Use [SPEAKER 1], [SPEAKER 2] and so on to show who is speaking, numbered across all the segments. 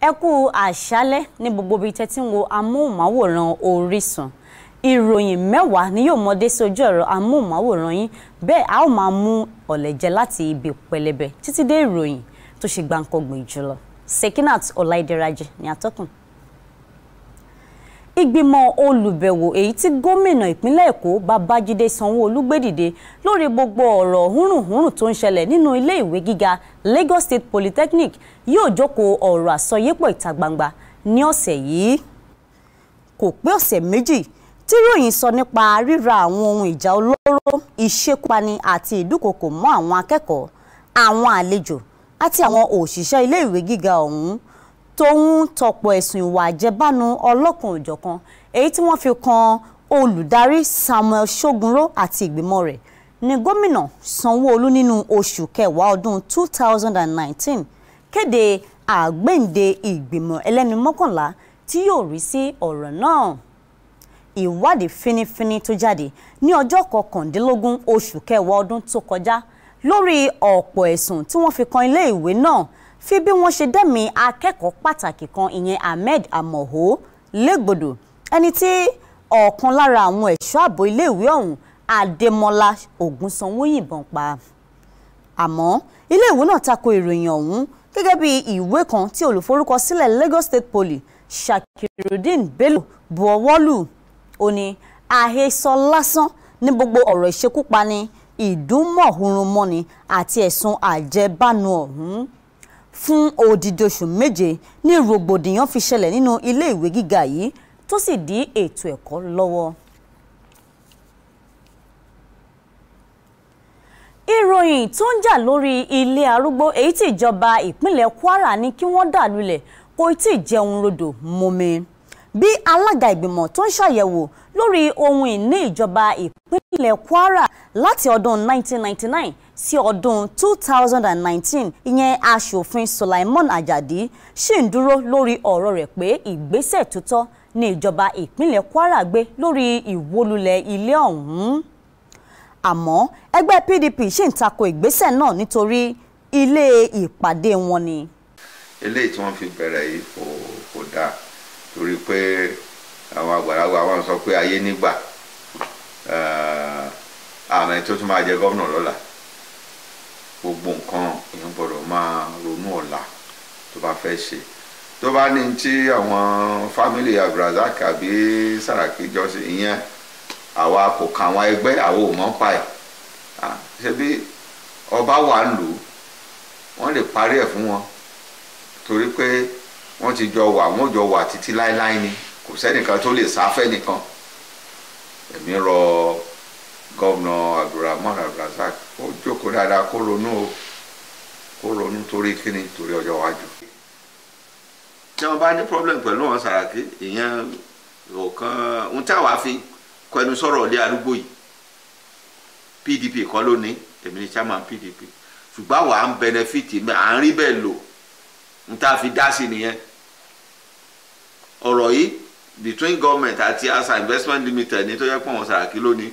[SPEAKER 1] ẹ kú àṣálẹ́ ní gbogbo ibi tẹ́ ti ń wo amóhùnmáwòrán Orísun ìròyìn mẹ́wàá ni yóò mọdé sí ojú ẹ̀rọ amóhùnmáwòrán yín bẹ́ẹ̀ a ó máa mú ọ̀lẹ̀jẹ̀ láti ibi pẹlẹbẹ títí dé ìròyìn tó ṣe gbàǹkangbìn jùlọ Sekinat Ọláìdẹrajì ni atọ́kùn ìgbìmọ̀ olùbẹ̀wò èyí tí gómìnà ìpínlẹ̀ èkó babájídé sanwó-olú gbé dìde lórí gbogbo ọ̀rọ̀ húrùnhúrùn tó ń ṣẹlẹ̀ nínú ilé ìwé gíga lagos state polytechnic yóò jókòó ọ̀rọ̀ àsọyépọ̀ ìta gbangba ní ọ̀sẹ̀ yìí kò pé ọ̀sẹ̀ méjì tí ròyìn sọ nípa ríra àwọn ohun ìjà olóró ìṣekúpani àti ìdúkokò mọ́ àwọn akẹ́kọ̀ọ́ àwọn àlejò àti àwọn òṣìṣẹ́ ilé ìwé gíga ọ̀hún tòun tọ̀pọ̀ ẹ̀sùn ìwà àjẹbánu ọlọ́kan òjọ̀kan èyí tí wọ́n fi kan olùdarí Samuel Ṣógunró àti ìgbìmọ̀ rẹ̀ ní gómìnà Sanwó-Olú nínú oṣù kẹwàá ọdún 2019 kéde àgbéǹde ìgbìmọ̀ ẹlẹ́ni mọ́kànlá tí yóò rí sí ọ̀rọ̀ náà ìwádìí fínífíní tó jáde ní ọjọ́ kọkàndínlógún oṣù kẹwàá ọdún tó kọjá lórí ọ̀pọ̀ ẹ̀sùn tí wọ́n fi kan ilé ìwé náà fi bí wọ́n ṣe dẹ́mi akẹ́kọ̀ọ́ pàtàkì kan ìyẹn Ahmed Amoho légbodò ẹni tí ọ̀kan lára àwọn ẹ̀ṣọ́ ààbò iléèwé ọ̀hún Adémọ́lá Ògúnsanwó yìnbọn pa àmọ́ iléèwé náà tako ìròyìn ọ̀hún gẹ́gẹ́ bí ìwé kan tí olùforúkọsílẹ̀ Lagos State Poly shakirudin Bello bu ọwọ́ lù ó ní àhesọ lásán ní gbogbo ọ̀rọ̀ ìṣekúpani ìdúnmọ̀húnrúnmọ́ni àti ẹ̀sùn àjẹbánu ọ̀hún fún odidi oṣù méje ní rògbòdìyàn fi ṣẹlẹ̀ nínú ilé ìwé gíga yìí tó sì dí ètò ẹ̀kọ́ lọ́wọ́. ìròyìn tó ń jà lórí ilé arúgbó èyí tí ìjọba ìpínlẹ̀ Kwara ní kí wọ́n dà kò tí ì jẹun rodò mọ́mi bí alága ìgbìmọ̀ tó ń ṣàyẹ̀wò lórí ohun ìní ìjọba ìpínlẹ̀ Kwara láti ọdún 1999 sí ọdún 2019 ìyẹn aṣòfin Sulaimon Ajadi ṣì ń dúró lórí ọ̀rọ̀ rẹ̀ pé ìgbésẹ̀ tó tọ́ ni ìjọba ìpínlẹ̀ Kwara gbé lórí ìwólulẹ̀ ilé ọ̀hún àmọ́ ẹgbẹ́ PDP ṣì ń tako ìgbésẹ̀ náà nítorí ilé ìpàdé wọn ni.
[SPEAKER 2] eléyìí tí wọ́n fi bẹ̀rẹ̀ yìí kò dáa torí pé àwọn àgbàlagbà wọn sọ pé ayé nígbà eh, àmì tó tún máa jẹ gómìnà lọ́la gbogbo nǹkan èèyàn gbọ́dọ̀ máa ronú ọ̀la tó bá fẹ́ ṣe tó bá ní tí àwọn fámìlì Abdulrasaq àbí Sàràkí jọ sí ìyẹn àwa kò kà àwọn ẹgbẹ́ àwa ò mọ̀ pa ẹ̀ ṣé bí ọba wà ń lò wọ́n lè parí ẹ̀ fún wọn torí pé wọ́n ti jọ wà wọ́n jọ wà títí láéláé ni kò sẹ́nìkan tó lè sáfẹ́ nìkan èmi rọ gọ́vnà abdulrahman abdulrasaq ó jókòó dáadáa kó ronú o kó ronú torí kíni torí ọjọ́ iwájú. tí wọ́n bá ní problem pẹ̀lú wọn Sàràkí ìyẹn ọ̀kan ohun tí àwa fi kọnu sọ̀rọ̀ ilé arúgbó yìí PDP kọ́ ló ní èmi ni chairman PDP ṣùgbọ́n àwa ń benefit à ń rí bẹ́ẹ̀ lò ń tá a fi dá sí nìyẹn ọ̀rọ̀ yìí between government àti asa investment limited ní tó yẹ pọ̀ wọ́n Sàràkí lónìí.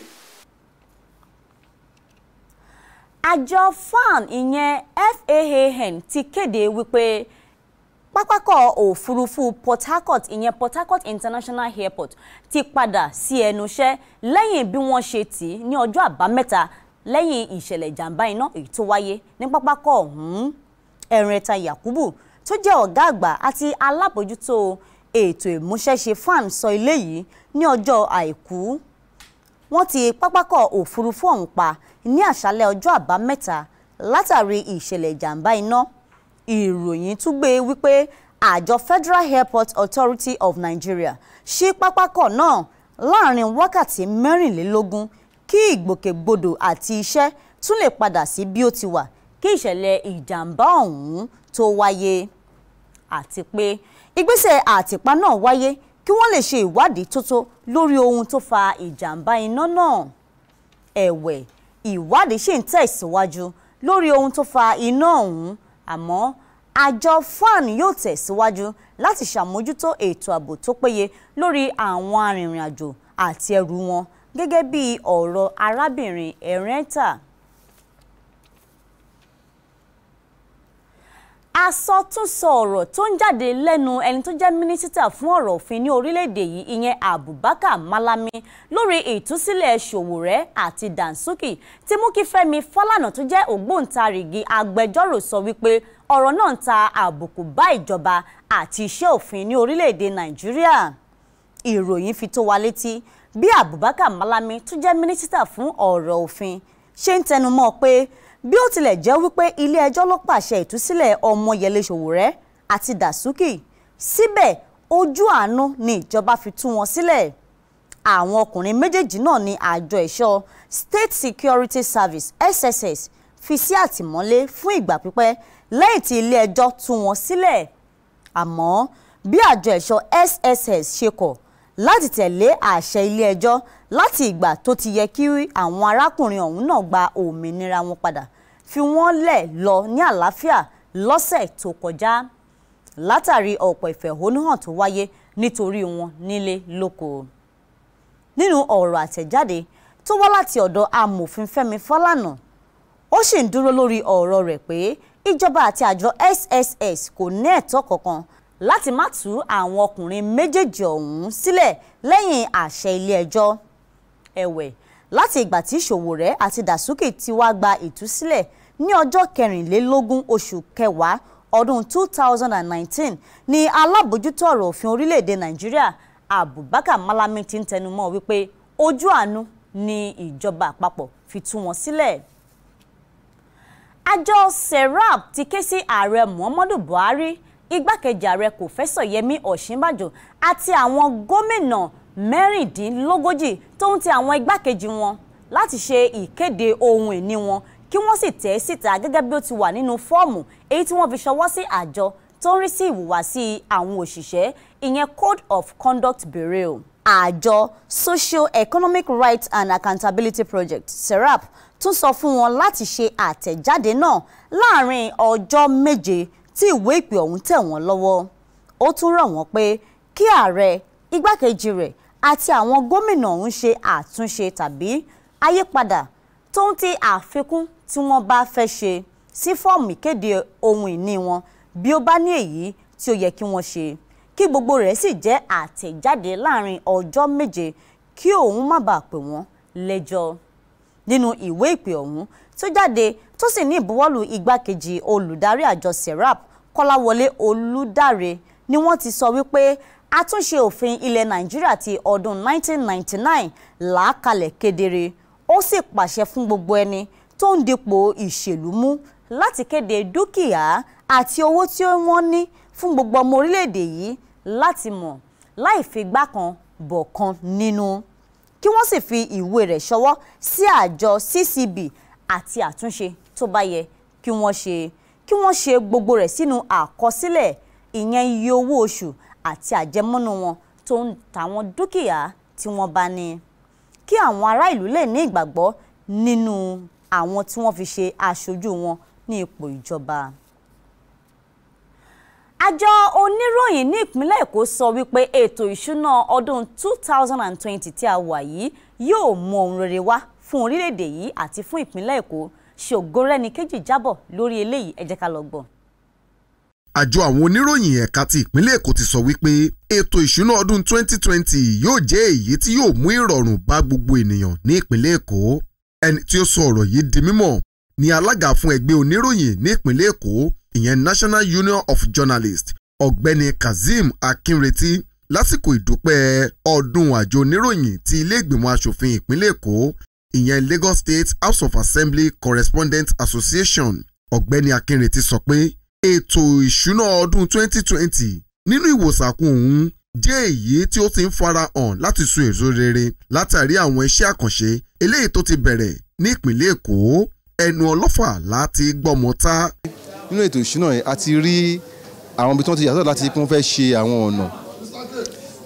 [SPEAKER 1] àjọ fan ìyẹn FAAN ti kéde wípé pápákọ̀ òfurufú Port Harcourt ìyẹn Port Harcourt International Airport ti padà sí ẹnu iṣẹ́ lẹ́yìn bí wọ́n ṣe tì í ní ọjọ́ àbámẹ́ta lẹ́yìn ìṣẹ̀lẹ̀ ìjàmbá iná èyí tó wáyé ní pápákọ̀ ọ̀hún Ẹ̀rẹ̀ta Yakubu tó jẹ́ ọ̀gá àgbà àti alábòjútó ètò ìmúṣẹ́ṣe FAM sọ eléyìí ní ọjọ́ àìkú wọ́n ti pápákọ̀ òfurufú ọ̀hún pa ní àṣálẹ́ ọjọ́ àbámẹ́ta látàrí ìṣẹ̀lẹ̀ ìjàmbá iná ìròyìn tún gbé wípé àjọ Federal Airport Authority of Nigeria ṣí pápákọ̀ náà láàrin wákàtí mẹ́rìnlélógún kí ìgbòkègbodò àti iṣẹ́ tún lè padà sí bí ó ti wà kí ìṣẹ̀lẹ̀ ìjàmbá ọ̀hún tó wáyé àti pé ìgbésẹ̀ àtìpá náà wáyé kí wọ́n lè ṣe ìwádìí tó tó lórí ohun tó fa ìjàmbá iná náà ẹ̀wẹ̀ ìwádìí ṣì ń tẹ̀síwájú lórí ohun tó fa iná ọ̀hún àmọ́ àjọ fan yóò tẹ̀síwájú láti ṣàmójútó ètò ààbò tó péye lórí àwọn arìnrìn-àjò àti ẹrù wọn gẹ́gẹ́ bí ọ̀rọ̀ arábìnrin ẹ̀rẹ́ntà àsọtúnsọ ọ̀rọ̀ tó ń jáde lẹ́nu ẹni tó jẹ́ mínísítà fún ọ̀rọ̀ òfin ní orílẹ̀-èdè yìí ìyẹn Abubakar Malami lórí ìtúsílẹ̀ Ṣòwòrẹ́ àti Dànsúkì ti mú kí Fẹ́mi Fálànà tó jẹ́ ògbóǹtarìgì agbẹjọ́rò sọ wípé ọ̀rọ̀ náà ń ta àbùkù bá ìjọba àti iṣẹ́ òfin ní orílẹ̀-èdè Nàìjíríà ìròyìn fi tó wa létí bí Abubakar Malami tó jẹ́ mínísítà fún ọ̀rọ̀ òfin ṣe ń tẹnumọ́ pé bí ó tilẹ̀ jẹ́ wípé ilé ẹjọ́ ló pàṣẹ ìtúsílẹ̀ Ọmọyẹlé Sowore àti Dasuki síbẹ̀ ojú àánú ni ìjọba fi tú wọn sílẹ̀ àwọn ọkùnrin méjèèjì náà ni àjọ ẹ̀ṣọ́ State Security Service SSS fi sí àtìmọ́lé fún ìgbà pípẹ́ lẹ́yìn tí ilé ẹjọ́ tú wọn sílẹ̀ àmọ́ bí àjọ ẹ̀ṣọ́ SSS ṣe kọ̀ láti tẹ̀lé àṣẹ ilé ẹjọ́ láti ìgbà tó ti yẹ kí àwọn arákùnrin ọ̀hún náà gba òmìnira wọn padà fi wọ́n lẹ̀ lọ ní àlàáfíà lọ́sẹ̀ tó kọjá látàrí ọ̀pọ̀ ìfẹ̀hónúhàn tó wáyé nítorí wọn nílé lóko nínú ọ̀rọ̀ àtẹ̀jáde tó wá láti ọ̀dọ̀ amòfin Fẹ́mi Fálànà ó sì ń dúró lórí ọ̀rọ̀ rẹ̀ pé ìjọba àti àjọ SSS kò ní ẹ̀tọ́ kankan láti má tú àwọn ọkùnrin méjèèjì ọ̀hún sílẹ̀ lẹ́yìn àṣẹ ilé-ẹjọ́ ẹ̀wẹ̀ láti ìgbà tí Ṣòwòrẹ́ àti Dàsúkì ti wá gba ìtúsílẹ̀ ní ọjọ́ kẹrìnlélógún oṣù kẹwàá ọdún 2019 ni alábòójútó ọ̀rọ̀ òfin orílẹ̀-èdè Nàìjíríà Abubakar Malami ti ń tẹnumọ́ wípé ojú àánú ni ìjọba àpapọ̀ fi tú wọn sílẹ̀. Si àjọ serap ti ké sí ààrẹ Muhammadu Buhari igbákejì ààrẹ kòfẹ́sọ̀ yẹmí ọ̀ṣínbàjò àti àwọn gómìnà mẹ́rìndínlógójì tóun ti àwọn igbákejì wọn láti ṣe ìkéde ohun ìní wọn kí wọ́n sì tẹ̀ síta gẹ́gẹ́ bí ó ti wà nínú fọ́ọ̀mù èyí tí wọ́n fi ṣọwọ́ sí àjọ tó ń rí sí ìhùwàsí àwọn òṣìṣẹ́ ìyẹn code of conduct bureau àjọ socio-economic rights and accountability project serap tún sọ fún wọn láti ṣe àtẹ̀jáde náà láàrin ọjọ́ méje tí ìwé ìpè ọ̀hún tẹ̀ wọ́n lọ́wọ́ ó tún rọ̀ wọ́n pé kí ààrẹ igbákejì rẹ̀ àti àwọn gómìnà ọ̀hún ṣe àtúnṣe tàbí àyípadà tó ń ti àfikún tí wọ́n bá fẹ́ ṣe sí fọ́ọ̀mù ìkéde ohun ìní wọn bí ó bá ní èyí tí ó yẹ kí wọ́n ṣe kí gbogbo rẹ̀ sì jẹ́ àtẹ̀jáde láàrin ọjọ́ méje kí òun má bàa pè wọ́n lẹ́jọ́ nínú ìwé ìpè ọ̀hún tó jáde tó sì ní ìbuwọ́lù igbákejì olùdarí àjọ serap kọ́láwọlé olùdáre ni wọ́n ti sọ wípé àtúnṣe òfin ilẹ̀ nàìjíríà ti ọdún 1999 làákalẹ̀ kedere ó sì pàṣẹ fún gbogbo ẹni tó ń dipò ìṣèlú mú láti kéde dúkìá àti owó tí wọ́n ní fún gbogbo ọmọ orílẹ̀-èdè yìí láti mọ̀ láì fi gbá kan bọ̀ kan nínú kí wọ́n sì fi ìwé rẹ̀ ṣọwọ́ sí àjọ ccb àti àtúnṣe tó bá yẹ kí wọ́n ṣe kí wọ́n ṣe gbogbo rẹ̀ sínú àkọsílẹ̀ ìyẹn iye owó oṣù àti àjẹmọ́nú wọn tó ń tàwọn dúkìá tí wọ́n bá ní kí àwọn ará ìlú lè ní ìgbàgbọ́ nínú àwọn tí wọ́n fi ṣe aṣojú wọn ní ipò ìjọba. Àjọ oníròyìn ní ìpínlẹ̀ Èkó sọ wípé ètò ìṣúná ọdún 2020 tí a wà yìí yóò mú ohun rere wá fún orílẹ̀-èdè yìí àti fún ìpínlẹ̀ Èkó Ṣògorẹ́nìkejì jábọ̀ lórí eléyìí ẹ jẹ́ ká lọ gbọ́.
[SPEAKER 3] Àjọ àwọn oníròyìn ẹ̀ka ti ìpínlẹ̀ Èkó ti sọ wípé ètò ìṣúná ọdún 2020 yóò jẹ́ èyí tí yóò mú ìrọ̀rùn bá gbogbo ènìyàn ní ìpínlẹ̀ Èkó ẹni tí ó sọ ọ̀rọ̀ yìí di mímọ̀ ni alága fún ẹgbẹ́ oníròyìn ní ìpínlẹ̀ Èkó ìyẹn National Union of Journalists ọ̀gbẹ́ni Kazeem Akínretí lásìkò ìdúpẹ́ ọdún àjọ oníròyìn ti ilé ìgbìmọ̀ asòfin ìpínlẹ̀ Èkó ìyẹn Lagos State House of Assembly Correspondents Association ọ̀gbẹ́ni Akínrètí sọ pé ètò ìṣúná ọdún 2020 nínú ìwòsàkun òun jẹ́ èyí tí ó ti ń fara hàn láti sun èso rere látàrí àwọn iṣẹ́ àkànṣe eléyìí tó ti bẹ̀rẹ̀ ní ìpínlẹ̀ Èkó ẹnu ọlọ́fà
[SPEAKER 4] láti gbọ́mọ ta. nínú ètò ìṣúná yẹn a ti rí àwọn ibi tí wọ́n ti yàtọ̀ láti pé wọ́n fẹ́ ṣe àwọn ọ̀nà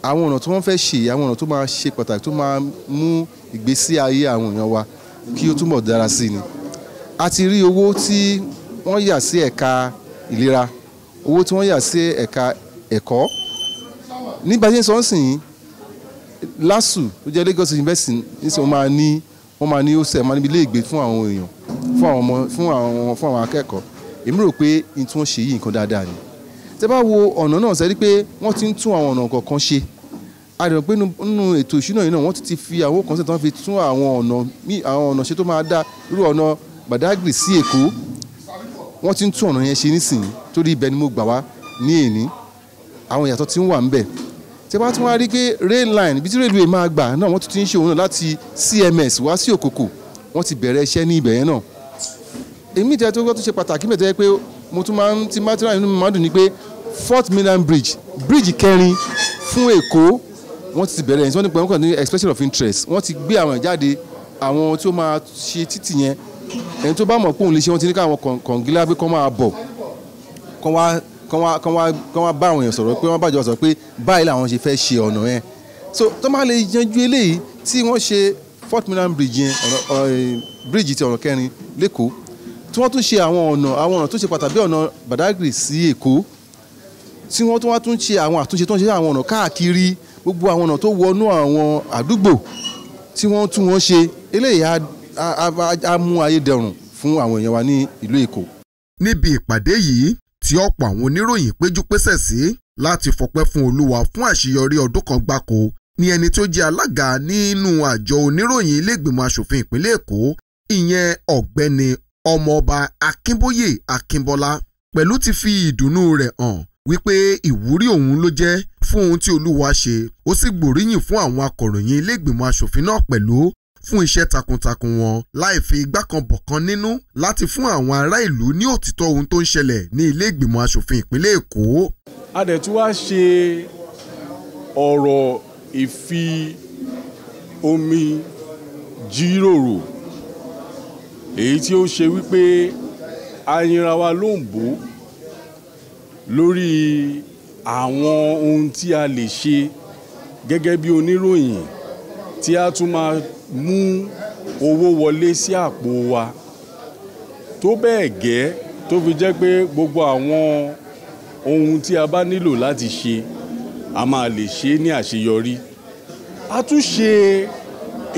[SPEAKER 4] àwọn ọ̀nà tí wọ́n fẹ́ ṣe àwọn ọ̀nà tó máa ṣe pàtàkì tó máa mú ìgbésí ayé àwọn èèyàn wa kí ó túbọ̀ dára sí i ni a ti rí owó tí wọ́n yà sí ẹ̀ka ìlera owó tí wọ́n yà sí ẹ̀ka ẹ̀kọ́ nígbà tí ń sọ ń sìn yín LASU tó jẹ́ Lagos University nísìnyí wọ́n máa ní wọ́n máa ní ọ̀sẹ̀ máa níbi ilé ìgbé fún àwọn èèyàn fún àwọn ọmọ fún àwọn fún àwọn akẹ́kọ̀ọ́ èmi rò pé n tí wọ́n ṣe yìí nǹkan dáadáa ni tẹ́ bá wo ọ̀nà náà sẹ́ni pé wọ́n ti ń tún àwọn ọ̀nà kọ̀ọ̀kan ṣe a rẹ̀ pé nínú ètò ìṣúná yìí náà wọ́n ti fi àwọn kan sẹ́tàn fi tún àwọn ọ̀nà àwọn ọ̀nà ṣe tó máa dá irú ọ̀nà Badagry sí Èkó wọ́n ti ń tún ọ̀nà yẹn ṣe nísìnyí torí ibẹ̀ ni mo gbà wá ní èní àwọn ìyàtọ̀ ti ń wà ńbẹ̀ tí a bá wá rí pé rail line ibi tí railway máa gbà náà wọ́n tún ti ń ṣe òun náà láti CMS wá sí Òkòkò wọ́n ti bẹ̀rẹ̀ iṣẹ́ ní ibẹ̀ yẹn náà èmi ìtẹ́ tó gbọ́ tó ṣe pàtàkì mẹ́tẹ́ pé mo tún Bridge bridge kẹrin fún Èkó wọ́n ti bẹ̀rẹ̀ yẹn tí wọ́n ní pẹ̀lú ní expression of interest wọ́n ti gbé àwọn ìjáde àwọn tí ó máa ṣe títì yẹn ẹni tó bá mọ̀ pé òun lè ṣe wọ́n ti ní káwọn kọ̀ǹgílá pé kán máa bọ̀ kán wá kán wá kán wá kán wá bá àwọn èèyàn sọ̀rọ̀ pé wọ́n bàjọ́ sọ̀rọ̀ pé báyìí làwọn ṣe fẹ́ ṣe ọ̀nà yẹn so tó máa lè yanjú eléyìí tí wọ́n ṣe Fort Milan bridge yẹn ọ̀nà eh, bridge ti ọ̀nà kẹrin lẹ́kọ̀ọ́ tí wọ́n tún ṣe àwọn ọ̀nà àwọn ọ̀nà tó ṣe pàtàkì ọ̀nà Badagry sí Èkó tí wọ́n tún wá tún ṣe àwọn àtúnṣe tó ń ṣe àwọn ọ̀nà káàkiri gbogbo àwọn ọ̀nà tó wọnú àwọn àdúgbò tí wọ́n tún wọn ṣe eléyìí á mú ayédẹrùn fún àwọn èèyàn wa
[SPEAKER 3] ní ìlú Èkó. níbi ìpàdé yìí tí ọ̀pọ̀ àwọn oníròyìn péjú pésẹ̀ sí láti fọpẹ́ fún Olúwa fún àṣeyọrí ọdún kan gbáko ni ẹni tó jẹ́ alága nínú àjọ oníròyìn iléègbìmọ̀ asòfin ìpínlẹ̀ Èkó ìyẹn ọ̀gbẹ́ni ọmọọba Akínbóyè Akínbọ́lá pẹ̀lú ti fi ìdùnnú rẹ̀ hàn wípé ìwúrí òun ló jẹ́ fún ohun tí olúwa ṣe ó sì gbòríyìn fún àwọn akọ̀ròyìn iléègbìmọ̀ asòfin náà pẹ̀lú fún iṣẹ́ takuntakun wọn láì fi igbá kan bọ̀ kan nínú láti fún àwọn ará ìlú ní òtítọ́ ohun tó ń ṣẹlẹ̀ ní iléègbìmọ̀ asòfin ìpínlẹ̀ èkó.
[SPEAKER 5] a dẹ̀ tún wá ṣe ọ̀rọ̀ ìfi omi jíròrò èyí tí ó ṣe wípé ayinra wa ló ń bò ó lórí àwọn ohun tí a lè ṣe gẹ́gẹ́ bí oníròyìn tí a tún máa mú owó wọlé sí àpò wa tó bẹ́ẹ̀ gẹ́ tó fi jẹ́ pé gbogbo àwọn ohun tí a bá nílò láti ṣe a máa lè ṣe ní àṣeyọrí a tún ṣe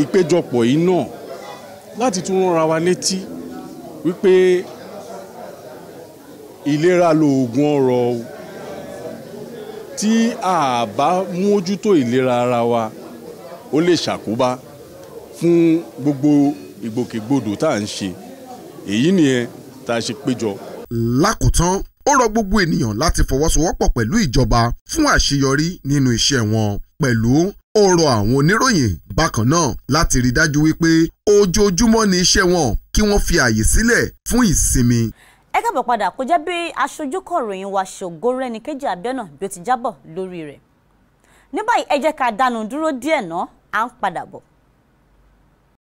[SPEAKER 5] ìpéjọpọ̀ yìí náà láti tún rán ra wa létí wípé ìlera lóògùn ọrọ̀ o tí a bá mójútó ìlera ara wa ó lè ṣàkóbá fún gbogbo ìgbòkègbodò tá à ń ṣe èyí nìyẹn tá a ṣe péjọ.
[SPEAKER 3] lákòótán ó rọ gbogbo ènìyàn láti fọwọ́sowọ́pọ̀ pẹ̀lú ìjọba fún àṣeyọrí nínú iṣẹ́ wọn pẹ̀lú ó rọ àwọn oníròyìn bákan náà láti rí dájú wípé ojoojúmọ́ ni iṣẹ́ wọn kí wọ́n fi ààyè sílẹ̀ fún ìsinmi
[SPEAKER 1] ẹ káàbọ̀ padà kó jẹ́ bí aṣojú kọ̀ròyìn wa ṣògórẹ́ ní kejì abiona bí ó ti jábọ̀ lórí rẹ̀ ní báyìí ẹ jẹ́ ká dánu dúró díẹ̀ ná à ń padà bọ̀.